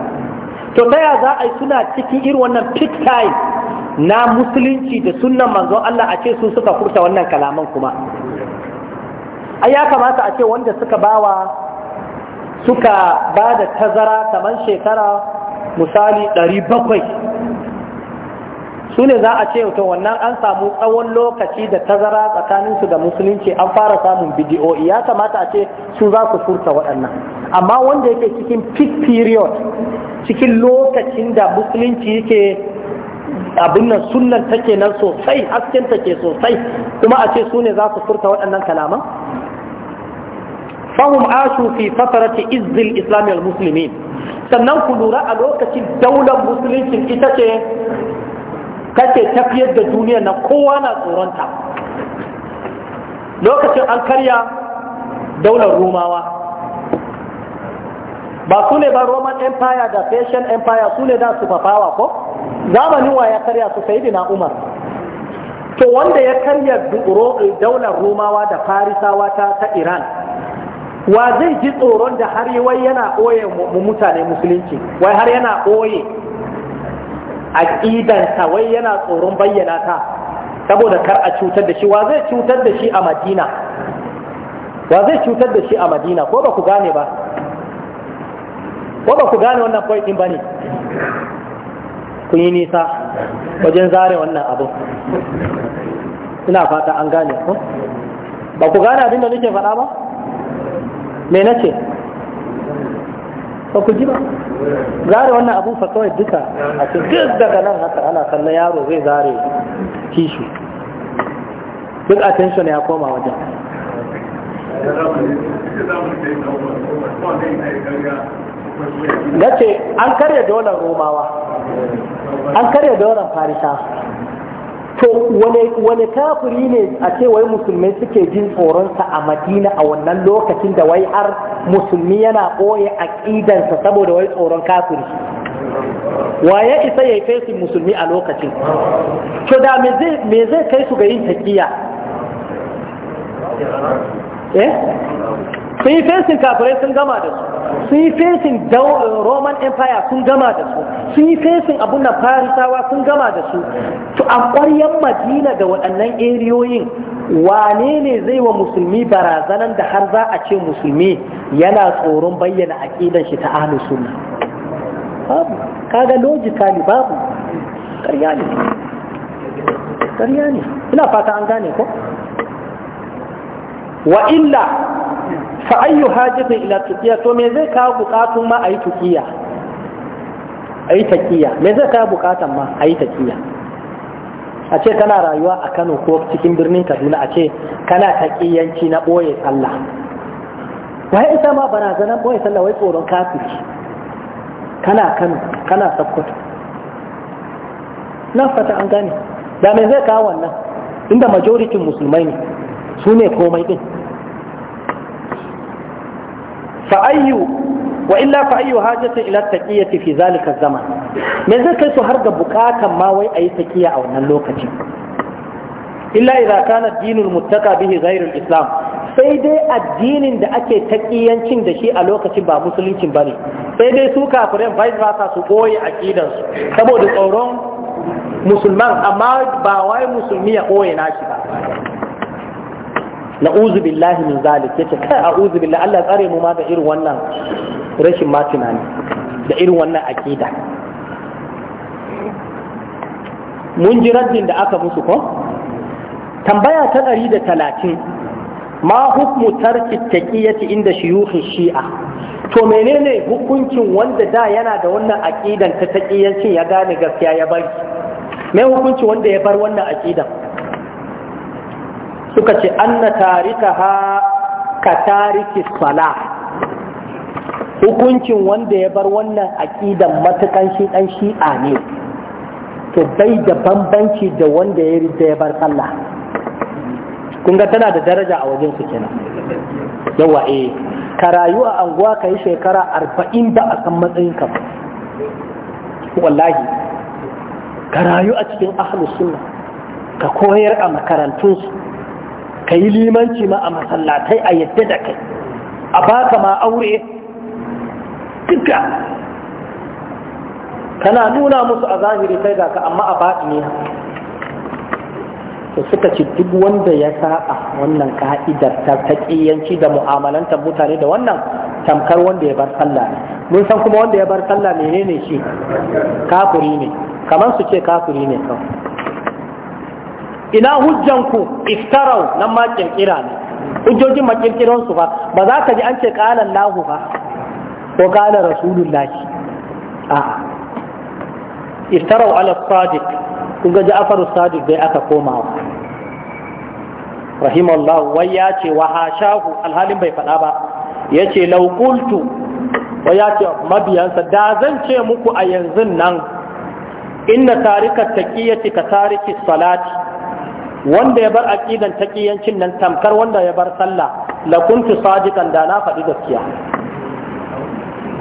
S1: to ta za a yi suna cikin irin wannan peak time na musulunci da sunan manzon Allah a ce su suka furta wannan kalaman kuma a ya kamata a ce wanda suka bawa suka ba da tazara kamar shekara misali bakwai. su ne za a ce to wannan an samu tsawon lokaci da tazara tsakanin su da musulunci an fara samun bidiyo ya kamata a ce su za su furta waɗannan amma wanda yake cikin peak period cikin lokacin da musulunci yake abin nan sunnan take nan sosai hasken take sosai kuma a ce su ne za su furta waɗannan kalaman fahim ashu fi fatarati izzil islami al-muslimin sannan ku lura a lokacin daular musulunci ita ce kake tafiyar da duniya na kowa na tsoronta lokacin an karya daular rumawa ba su ne ba roman empire da persian empire su ne da su fafawa ko zamanin wa ya karya su sai na umar to wanda ya karya daular romawa da farisawa ta, ta iran wa zai ji tsoron da har yi wai yana oye mutane musulunci wai har yana oye aqidansa wai yana tsoron bayyana ta saboda kar a cutar da shi wa zai cutar da shi a madina wa zai cutar da shi a madina ko ba ku gane ba ko ba ku gane wannan point din bane ku yi nisa wajen zare wannan abu ina fata an gane ko ba ku gane abin da nake faɗa ba me nace ba ku ji ba zare wannan abun fa kawai duka a cikin duk daga nan haka ana kallon yaro zai zare tishu duk attention ya koma wajen na ce an karya dolar romawa an karya dolar farisa to wani kafiri ne a ce wai musulmai suke jin tsoronsa a madina a wannan lokacin da wai har musulmi yana ɓoye aƙidansa saboda wai tsoron kafiri wa ya isa ya yi musulmi a lokacin to da me zai kai su ga yin taƙiya eh sun yi fesin kafirai sun gama da su sun yi fesin eh, roman empire sun gama da su sun yi fesin abun nan farisawa sun gama da su to a ƙwaryen madina da waɗannan eriyoyin wane ne zai wa musulmi barazanan da har za a ce musulmi yana tsoron bayyana aƙidan shi ta ahlus sunna babu kaga logically babu ƙarya ne ƙarya ne ina fata an gane ko wa illa fa ayyu hajatin ila tuqiya to me zai kawo bukatun ma ayi tuqiya ayi tuqiya me zai kawo bukatan ma ayi tuqiya a ce kana rayuwa a Kano ko cikin birnin Kaduna a ce kana taqiyanci na boye sallah wai ita ma barazanan boye sallah wai tsoron kafiri kana Kano kana Sokoto na fata an gane da me zai kawo wannan inda majority musulmai ne su ne komai din fa wa illa fa hajatin ila taqiyati fi zalika zaman me zai kai su har ga bukatan ma wai ayi taqiya a wannan lokaci illa idza kana dinul muttaqa bihi ghayrul islam sai dai addinin da ake taqiyancin da shi a lokacin ba musulunci bane sai dai su kafiran vice versa su koyi aqidan su saboda tsoron musulman amma ba wai musulmi ya koyi nashi ba na'uzu billahi min zalik yace kai a'uzu billahi Allah tsare mu ma da irin wannan rashin ma tunani da irin wannan aqida mun ji raddin da aka musu ko tambaya ta 130 ma hukmu tarki taqiyati inda shuyukh shi'a to menene hukuncin wanda da yana da wannan aqidan ta taqiyancin ya gane gaskiya ya bari me hukunci wanda ya bar wannan aqidan suka ce anna ha ka tariki sala hukuncin wanda ya bar wannan aƙidan matukan shi ɗan shi'a ne to bai da bambanci da wanda ya rida ya bar sallah kun ga tana da daraja a wajen su kenan yawa eh ka rayu a anguwa ka yi shekara arba'in ba a san matsayin ka wallahi ka rayu a cikin ahlus sunna ka koyar a makarantunsu ka yi limanci ma a masallatai a yadda da kai a baka ma aure duka kana nuna musu a zahiri kai ga ka amma a baɗi ne Su suka ci duk wanda ya saba wannan ka'idar ta taƙiyanci da mu'amalantar mutane da wannan tamkar wanda ya bar sallah ne mun san kuma wanda ya bar sallah menene shi kafiri ne kamar su ce kafiri ne kawai ina hujjanku iftarau nan ma kirkira ne hujjojin ma makirkiron su fa ba za ka ji an ce qala Allahu fa ko qala rasulullahi a iftarau ala sadiq kun ga Ja'far sadiq bai aka komawa rahimallahu wai ya ce wa hashahu alhalin bai faɗa ba ya ce laukultu Wai ya ce mabiyansa da zan ce muku a yanzu nan inna tarikar taƙiyyati ka tariki salati wanda ya bar aqidan taqiyancin nan tamkar wanda ya bar sallah la kuntu sadiqan da na faɗi gaskiya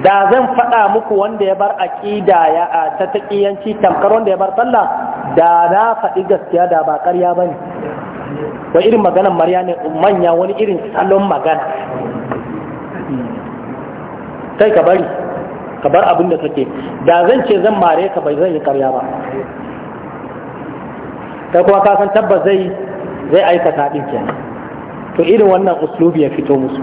S1: da zan faɗa muku wanda ya bar aqida ya ta taqiyanci tamkar wanda ya bar sallah da na faɗi gaskiya da ba ƙarya bane wa irin maganar marya ne manya wani irin salon magana kai ka bari ka bar abin da kake da zan ce zan mare ka bai zan yi ƙarya ba kai kuma ka san tabbas zai zai aikata din kenan to irin wannan uslubi ya fito musu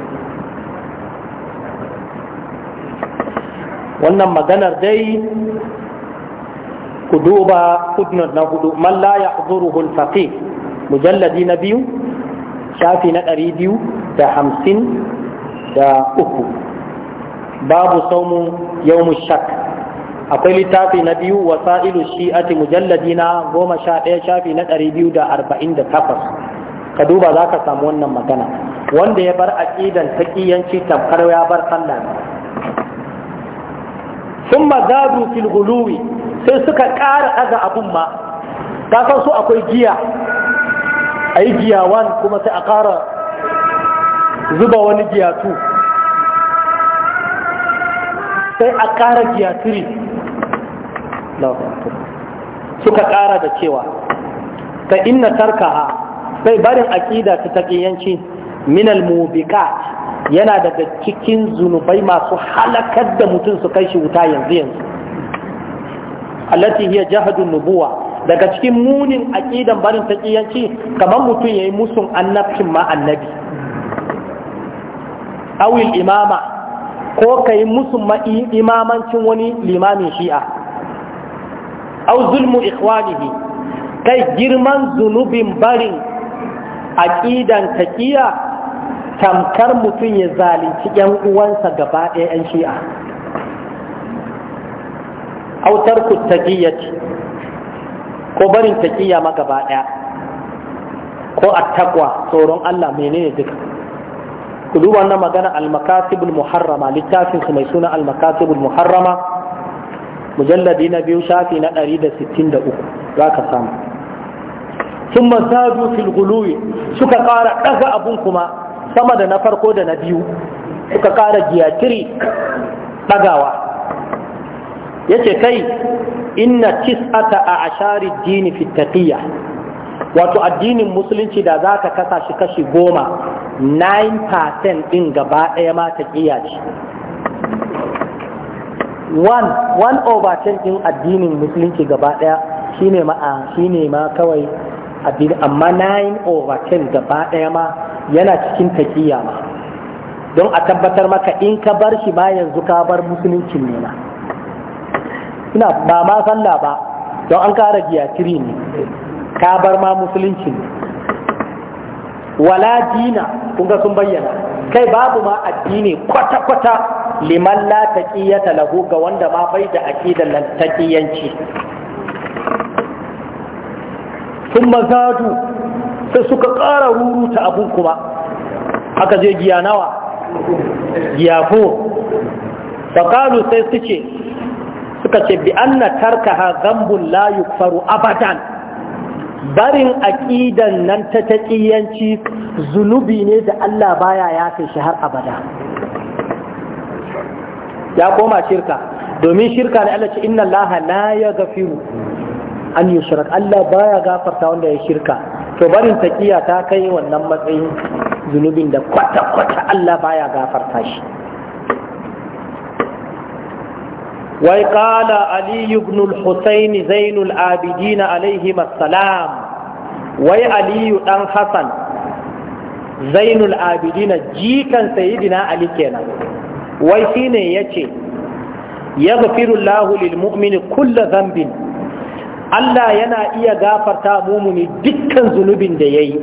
S1: wannan maganar dai ku duba footnote na hudu man la yahzuruhu al-faqih mujalladi na biyu shafi na ɗari biyu da hamsin da uku babu saumu yawmu shak akwai littafi na biyu wasa'ilu shi'ati mujalladi na goma sha ɗaya shafi na ɗari biyu da arba'in da takwas ka duba za ka samu wannan magana wanda ya bar aƙidan ƙiyanci tamkar ya bar sallah sun mazadu fil guluwi sai suka ƙara ɗaga abun ma ta san su akwai giya a yi giyawan kuma sai a ƙara zuba wani giyatu sai a ƙara giyatiri suka ƙara da cewa ka inna tarkaha sai barin aƙida ta taƙiyanci minal mubiqat yana daga cikin zunubai masu halakar da mutum su kai shi wuta yanzu yanzu allati hiya jahadun nubuwa daga cikin munin aƙidan barin taƙiyanci kamar mutum yayi musun annabcin ma annabi awil imama ko kai musun ma imamancin wani limamin shi'a au zulmu ikhwanihi kai girman zunubin barin aqidan taqiya tamkar mutum ya zalunci yan uwansa gaba ɗaya yan shi'a au tarku taqiyati ko barin taqiya ma gaba ɗaya ko attaqwa tsoron Allah menene duka ku duba wannan magana al-makatibul muharrama littafin su mai suna al makasibul muharrama mujalladi na biyu shafi na 163 za ka samu sun mazadu filguluwi suka ƙara ɗaga abun kuma sama da na farko da na biyu suka ƙara giyatiri ɗagawa ya ce kai inna tis'ata a ashari dini fitaƙiyya wato addinin musulunci da za ka kasa shi kashi goma 9% ɗin gaba ɗaya ma taƙiyya ce one one over ten in addinin musulunci gaba daya shine ma ah, shine ma kawai addini amma nine over ten gaba daya ma yana cikin takiya ma don a tabbatar maka in ka bar shi ba yanzu ka bar musuluncin ne ma ina ba ma sallah ba don an kara giyatiri ne ka bar ma musuluncin ne wala dina kun ga sun bayyana kai babu ma addini kwata-kwata liman la taqiyata lahu ga wanda ma bai da aqidan nan taqiyanci thumma zadu sai suka ƙara ruruta abun kuma haka zai giya nawa giya ko faqalu sai suke. suka ce bi anna tarkaha dhanbun la yukfaru abadan barin aƙidan nan ta zunubi ne da Allah baya yafe shi har abada ya koma shirka domin shirka ne Allah ce inna Allah la yaghfiru an yushrak Allah baya gafarta wanda ya shirka to barin taqiya ta kai wannan matsayin zunubin da kwata kwata Allah baya gafarta shi wai qala ali ibn al-husayn zainul abidin alayhi assalam
S2: wai ali
S1: dan Hassan zainul Abidina jikan sayyidina ali kenan wai shine ce, ya Allahu lil mu'mini kulla dhanbin Allah yana iya gafarta mumuni dukkan zunubin da yayi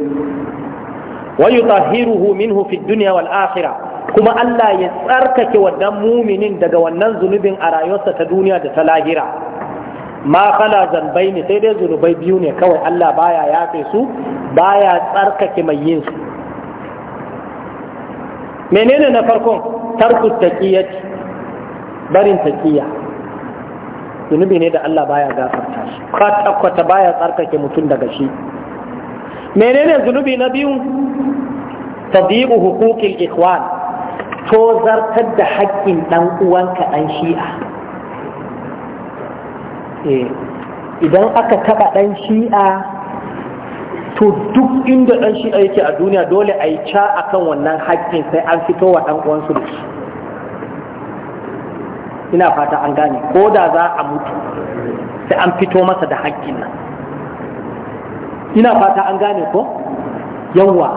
S1: wa yutahhiruhu minhu fid dunya wal akhira. kuma Allah ya tsarkake wannan muminin daga wannan zunubin a rayuwarsa ta duniya da ta lahira ma kala zambai ne sai dai zunubai biyu ne kawai Allah baya yafe su baya tsarkake mai yin su menene na farkon tarku taqiyati barin taqiya zunubi ne da Allah baya gafarta shi kwata kwata baya tsarkake mutum daga shi menene zunubi na biyu tadiqu hukukin ikhwan to zartar da haƙƙin dan uwanka dan shi'a eh, idan aka taba dan shi'a to duk inda ɗan shi aiki a duniya dole a yi ca a kan wannan haƙƙin sai an fito wa ɗan uwansu da shi ina fata an gane ko da za a mutu sai an fito masa da haƙƙin nan ina fata an gane ko yawwa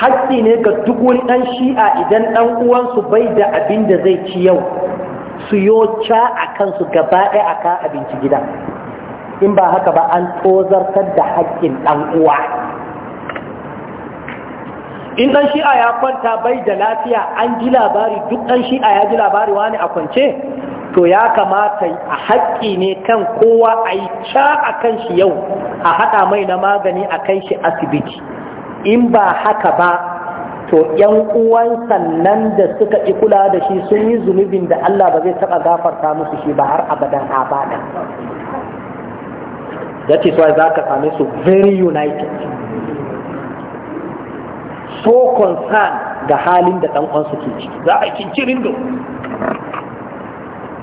S1: haƙƙi ne ga duk wani ɗan shi'a idan ɗan uwansu bai da abin da zai ci yau su yo ca a kansu gaba ɗaya a ka abinci gida in ba haka ba an tozartar da haƙƙin ɗan uwa in ɗan shi'a ya kwanta bai da lafiya an ji labari duk ɗan shi'a ya ji labari wani a kwance to ya kamata a haƙƙi ne kan kowa a yi ca a kan shi yau a haɗa mai na magani a kai shi asibiti in ba haka ba to ‘yan uwan sannan da suka ƙi kula da shi sun yi zunubin da Allah ba zai taɓa gafarta musu shi ba har abadan abada that is why za ka same su very united so concerned ga halin da ɗan ke ciki za a yi rindo.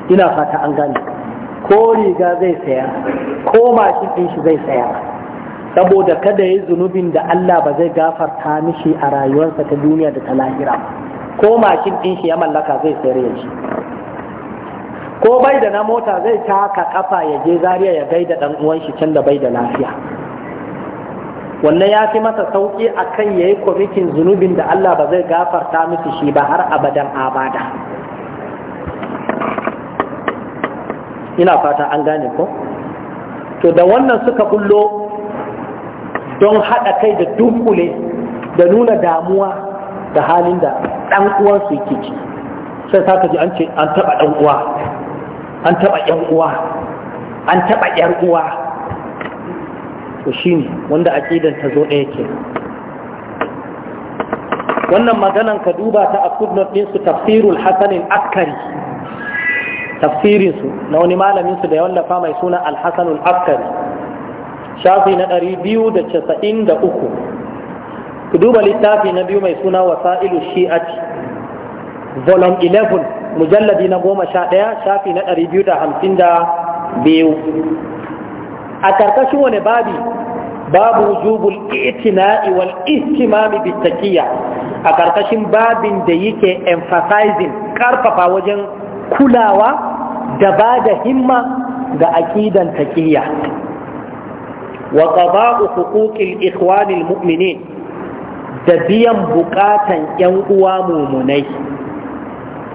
S1: ina fata an gane ko riga zai saya ko mashin ɗin shi zai saya saboda kada ya zunubin da Allah ba zai gafarta mishi a rayuwarsa ta duniya da ta lahira ko mashin ɗin shi ya mallaka zai sayar ya shi ko bai da na mota zai taka kafa ya je zariya ya gaida dan uwan shi can da bai da lafiya wannan ya fi masa sauki a kan ya yi kwamitin zunubin da Allah ba zai gafarta musu shi ba har abadan abada ina fata an gane ko to da wannan suka bullo don haɗa kai da dunkule da nuna damuwa da halin da ɗan uwansu yake ci sai sa ji an ce an taɓa ɗan uwa an taɓa ‘yan uwa an taɓa ‘yar uwa to shi ne wanda aƙidar ta zo ɗaya ke wannan maganan ka duba ta a footnote ɗinsu tafsirul hasanin askari tafsirinsu na wani malaminsu da ya wallafa mai suna alhassanul askari shafi na ɗari biyu da casa'in da uku ku duba littafi na biyu mai suna wasa'ilu shi'ati volume 11 mujalladi na goma sha ɗaya shafi na ɗari biyu da hamsin da biyu a ƙarƙashin wani babi babu wujubul itina'i wal ihtimami bittakiya a ƙarƙashin babin da yake emphasizing ƙarfafa wajen kulawa da ba da himma ga aƙidan taƙiyya wa qada'u huquqil ikhwanil mu'minin da biyan buƙatan 'yan uwa mumunai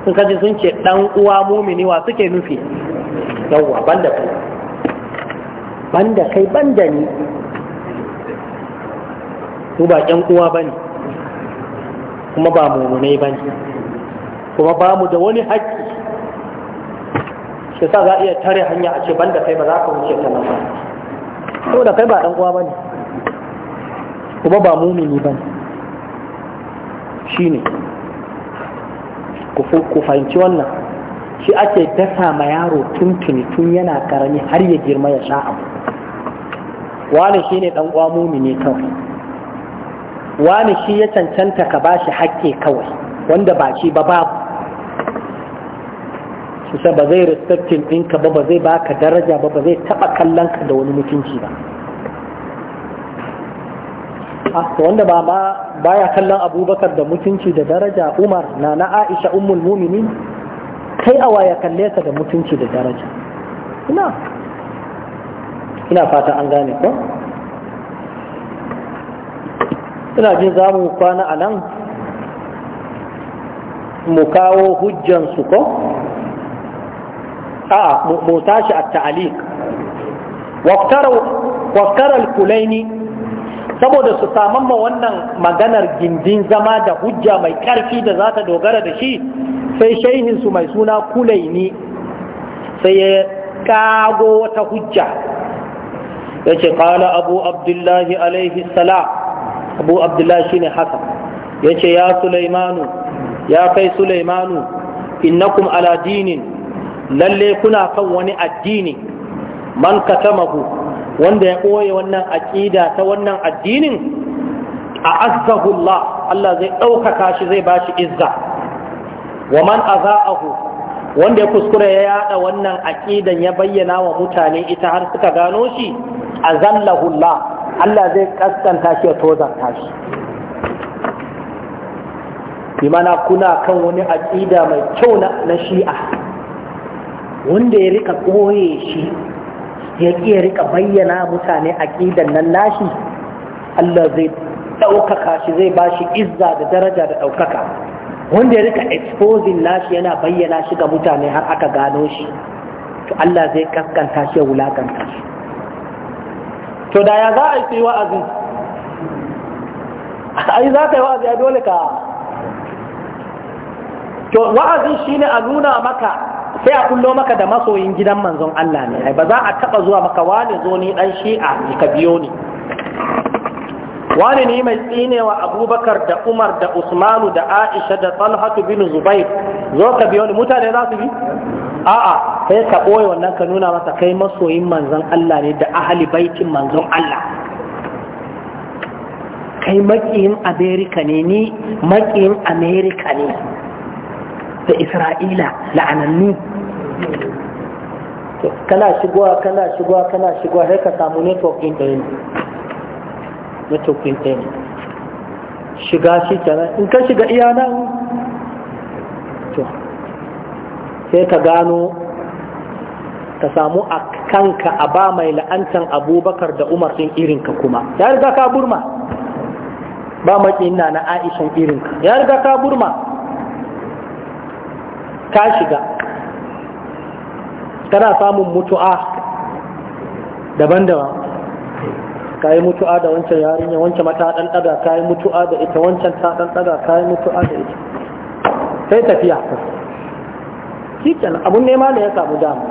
S1: sun kaji sun ce dan uwa mumini wa suke nufi yawwa banda kai banda kai banda ni su ba 'yan uwa bane kuma ba mumunai bane kuma ba mu da wani haƙƙi shi sa za a iya tare hanya a ce banda kai ba za ka wuce ta nan ba saboda kai ba dan uwa bane kuma ba mumini bane shine ku fahimci wannan shi ake dasa ma yaro tuntuni tun yana karami har ya girma ya sha abu wani shi ne ɗan ƙwamumi ne kawai wani shi ya cancanta ka ba shi hakke kawai wanda ba shi ba babu shi ba zai respectin ɗinka ba ba zai baka daraja ba ba zai taɓa kallon ka da wani mutunci ba Ah, wanda ba ma baya kallon abubakar da mutunci da daraja umar na na aisha ummul muminin kai awa ya kalle ka da mutunci da daraja ina ina fata an gane ko ina jin za mu kwana a nan mu kawo hujjansu ko a mu tashi a ta'aliq waftarar kulaini saboda su saman ma wannan maganar gindin zama da hujja mai ƙarfi da za ta dogara da shi sai su mai suna ne, sai ya kago wata hujja ya ce kala abu abdullahi alaihi salam abu abdullahi shine hasan ya ce ya sulaimanu ya kai sulaimanu innakum ala dinin lalle kuna kan wani addini man katamahu wanda ya ɓoye wannan aƙida ta wannan addinin a azzahullah Allah zai ɗaukaka shi zai ba shi izza wa man aza'ahu
S2: wanda ya kuskura
S1: ya yada wannan aƙidan ya bayyana wa mutane ita har suka gano shi azallahullah Allah zai kaskanta shi ya tozarta shi mana kuna kan wani aƙida mai kyau na shi'a wanda ya rika ɓoye shi ya iya rika bayyana mutane aqidan nan nashi Allah zai ɗaukaka shi zai ba shi izza da daraja da ɗaukaka wanda ya rika exposing nashi yana bayyana shi ga mutane har aka gano shi to Allah zai kaskanta shi ya wulakanta shi to da ya za a yi wa'azi ai za ka yi wa'azi ya dole ka to wa'azi shine a nuna maka sai a kullo maka da masoyin gidan manzon Allah ne ba za a taba zuwa maka wani zo ni dan shi'a ka biyo ni wani ne mai tsinewa abubakar da umar da usmanu da aisha da talhatu bin zubair zo ka biyo ni mutane za su bi a'a sai ka ɓoye wannan ka nuna masa kai masoyin manzon Allah ne da ahli baitin manzon Allah kai makiyin amerika ne ni makiyin amerika ne da isra'ila la'anannu kana shigowa kana shigowa kana shigowa sai ka samu network ɗin ɗaya ne network ɗin ɗaya ne shiga shi kenan in ka shiga iya nan to sai ka gano ka samu a kanka a ba mai la'antan abubakar da umar ɗin irinka kuma ya riga ka burma ba maƙin na na aishan irinka ya riga ka burma ka shiga kana samun mutu'a daban-daban ka yi mutu'a da wancan yarinya wancan mata ɗan ɗaga ka yi mutu'a da ita wancan ta ɗan ɗaga ka yi mutu'a da ita sai tafiya kikin abun nema ne ya samu dama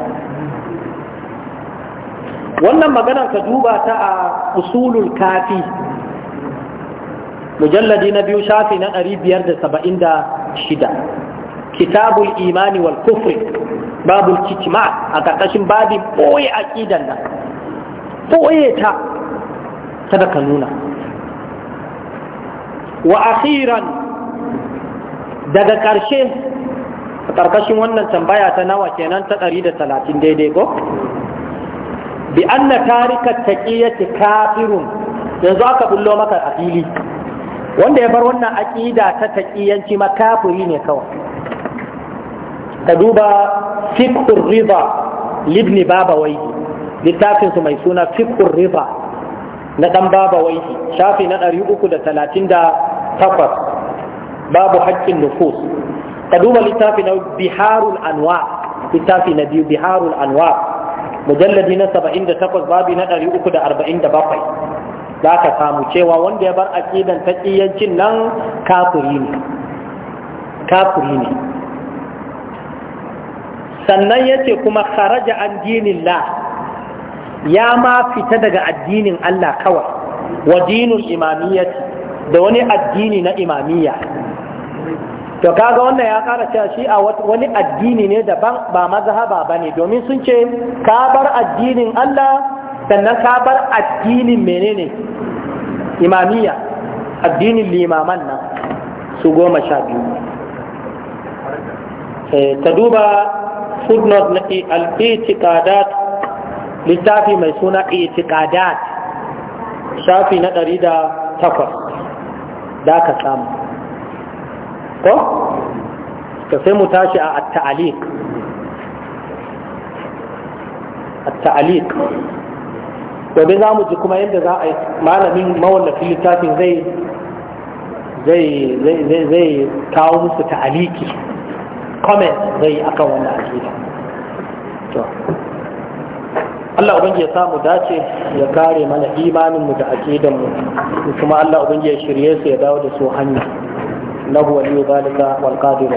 S1: wannan maganar ka duba ta a usulul kafi mujalladi na biyu shafi na 576 kitabul imani wal kufri babul kitima a ƙarƙashin babin ɓoye aƙidan nan ɓoye ta kada nuna wa akhiran daga ƙarshe a ƙarƙashin wannan tambaya ta nawa kenan ta ɗari da talatin daidai ko bi anna ya taqiyati kafirun yanzu aka bullo maka a fili wanda ya bar wannan aƙida ta taƙiyanci ma ne kawai ka duba fiqhur riba libni baba waihi Littafinsu mai suna fiqhur riba na dan baba waihi shafi na 338 babu haƙƙin nufus ka duba littafi na biharul anwa littafi na biyu biharul anwa mujalladi na 78 babu na 347 za ka samu cewa wanda ya bar aƙidan taƙiyancin nan kafuri ne kafuri ne sannan ya ce kuma kharaja an la ya ma fita daga addinin Allah kawai wa dinul imamiyyati da wani addini na imamiyya to kaga wannan ya kara cewa shi a wani addini ne daban ba mazhaba bane domin sun ce ka bar addinin Allah sannan ka bar addinin menene imamiyya addinin limaman nan su goma sha biyu ta eh, duba footnote na al-i'tiqadat littafi mai suna i'tiqadat shafi na ɗari da takwas da ka samu ko ka sai mu tashi a at-ta'liq at-ta'liq gobe za mu ji kuma yadda za a yi malamin mawallafin littafin zai zai zai kawo musu ta'aliki comment zai akan wannan akida to Allah ubangi ya samu dace ya kare mana imanin mu da akidan mu kuma Allah ubangi ya shirye su ya dawo da su hanya lahu Waliyu zalika wal qadir